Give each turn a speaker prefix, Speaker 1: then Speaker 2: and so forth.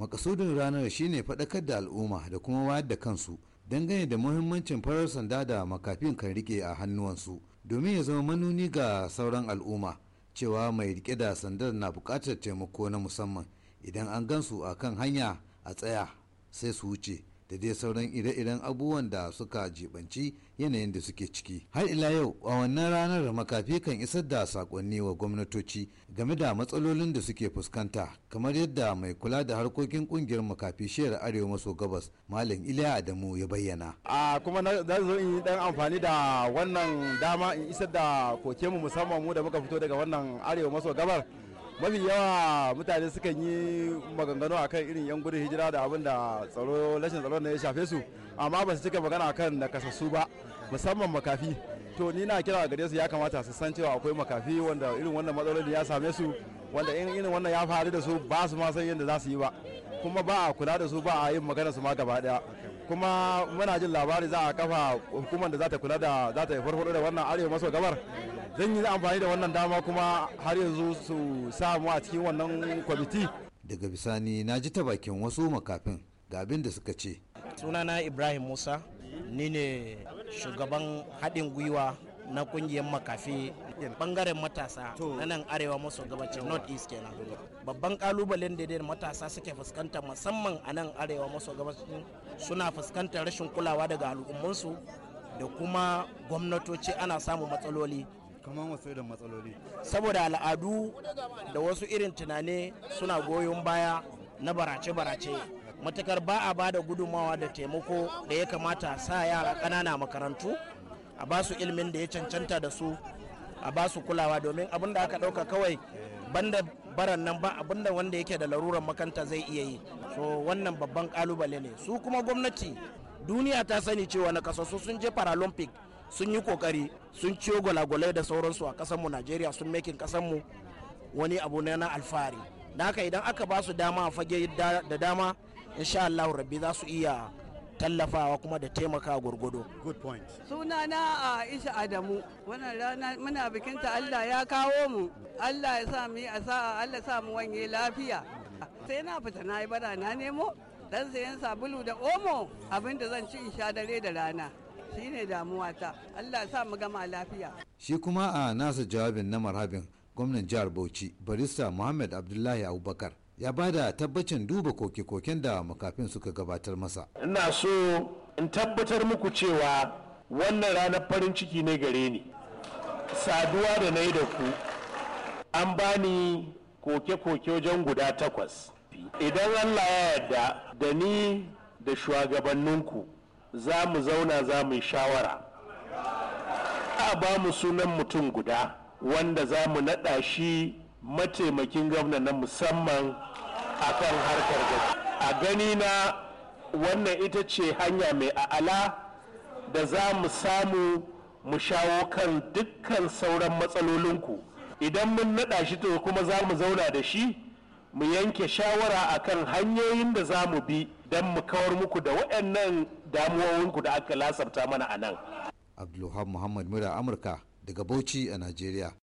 Speaker 1: makasudin ranar shine faɗakar da al'umma da kuma wayar da kansu dangane da muhimmancin farar sanda da makafin kan rike a hannuwansu domin ya zama manuni ga sauran al'umma cewa mai rike da sandar na bukatar taimako na musamman idan an gansu a kan hanya a tsaya sai su wuce da dai sauran ire-iren abubuwan da suka jibanci yanayin da suke ciki har ila yau a wannan ranar makafi kan isar da sakonni wa gwamnatoci game da matsalolin da suke fuskanta kamar yadda mai kula da harkokin kungiyar makafi shiyar arewa maso gabas malam iliya adamu ya bayyana a kuma na
Speaker 2: zo in dan amfani da wannan dama in isar da koke mu musamman mu da muka fito daga wannan arewa maso gabar mafi yawa mutane sukan yi maganganu akan irin yan gudun hijira da abin da tsaro rashin tsaro ya shafe su amma ba su cika magana akan nakasassu ba musamman makafi to ni na kira gare su ya kamata su san cewa akwai makafi wanda irin wannan matsaloli ya same su wanda irin wannan ya faru da su ba su ma san yadda za su yi ba kuma ba a kula da su ba a yin magana su ma gaba daya kuma muna jin labari za a kafa hukumar da za ta kula da za ta farfado da wannan arewa maso gabar zan yi amfani da wannan dama
Speaker 1: kuma har yanzu su samu a cikin wannan kwamiti daga bisani na ji ta bakin wasu makafin ga abin da suka ce sunana ibrahim musa ni ne
Speaker 3: shugaban haɗin gwiwa na kungiyar makafi bangaren matasa na nan arewa maso gabacin north east kenan babban kalubalen da matasa suke fuskanta musamman a nan arewa maso gabacin suna fuskantar rashin kulawa daga al'ummansu da kuma gwamnatoci ana samun matsaloli kamar wasu irin matsaloli saboda al'adu da wasu irin tunane suna goyon baya na barace-barace matakar ba a ba da gudunmawa da taimako da ya kamata sa yara ƙanana makarantu a ba su ilimin da ya cancanta da su a ba su kulawa domin abin da aka ɗauka kawai banda baran nan ba abin da wanda yake da laruran makanta zai iya yi so wannan babban ƙalubale ne su kuma gwamnati duniya ta sani cewa na kasasu sun je paralympic sun yi kokari sun ciyo gwalagwalai da sauransu a kasanmu najeriya sun mekin kasanmu wani abu na na alfahari da haka idan aka ba su dama a fage da dama insha allahu rabbi za su iya tallafawa kuma da taimaka gurgudu.
Speaker 1: Good point. Sunana a Isha Adamu, wannan rana muna bikinta Allah ya kawo mu, Allah ya sa mu Allah sa mu wanye lafiya. Sai na fita na yi bara na nemo, dan sayan sabulu da omo abinda zan ci in sha dare da rana. shine damuwata Allah sa mu gama lafiya shi kuma a nasa jawabin na marhabin gwamnan jihar Bauchi barista Muhammad Abdullahi Abubakar ya bada tabbacin duba koke-koken da makafin suka gabatar masa
Speaker 4: ina so in tabbatar muku cewa wannan ranar farin ciki ne gare ni saduwa da na yi da ku an bani koke-koke wajen guda takwas idan allah ya yarda da ni da shugabanninku za mu zauna za mu yi shawara a ba mu sunan mutum guda wanda za mu naɗa shi mataimakin gwamna na musamman a kan harkar gaji a gani na wannan ita ce hanya mai a'ala da za mu samu mu shawo kan dukkan sauran matsalolinku idan mun naɗa shi to kuma za mu zauna da shi mu yanke shawara akan hanyoyin da za mu bi don mu kawar muku da waɗannan damuwowinku da aka lasarta mana a nan.
Speaker 1: Abdulluhan Muhammad Mura Amurka daga Bauchi a Najeriya.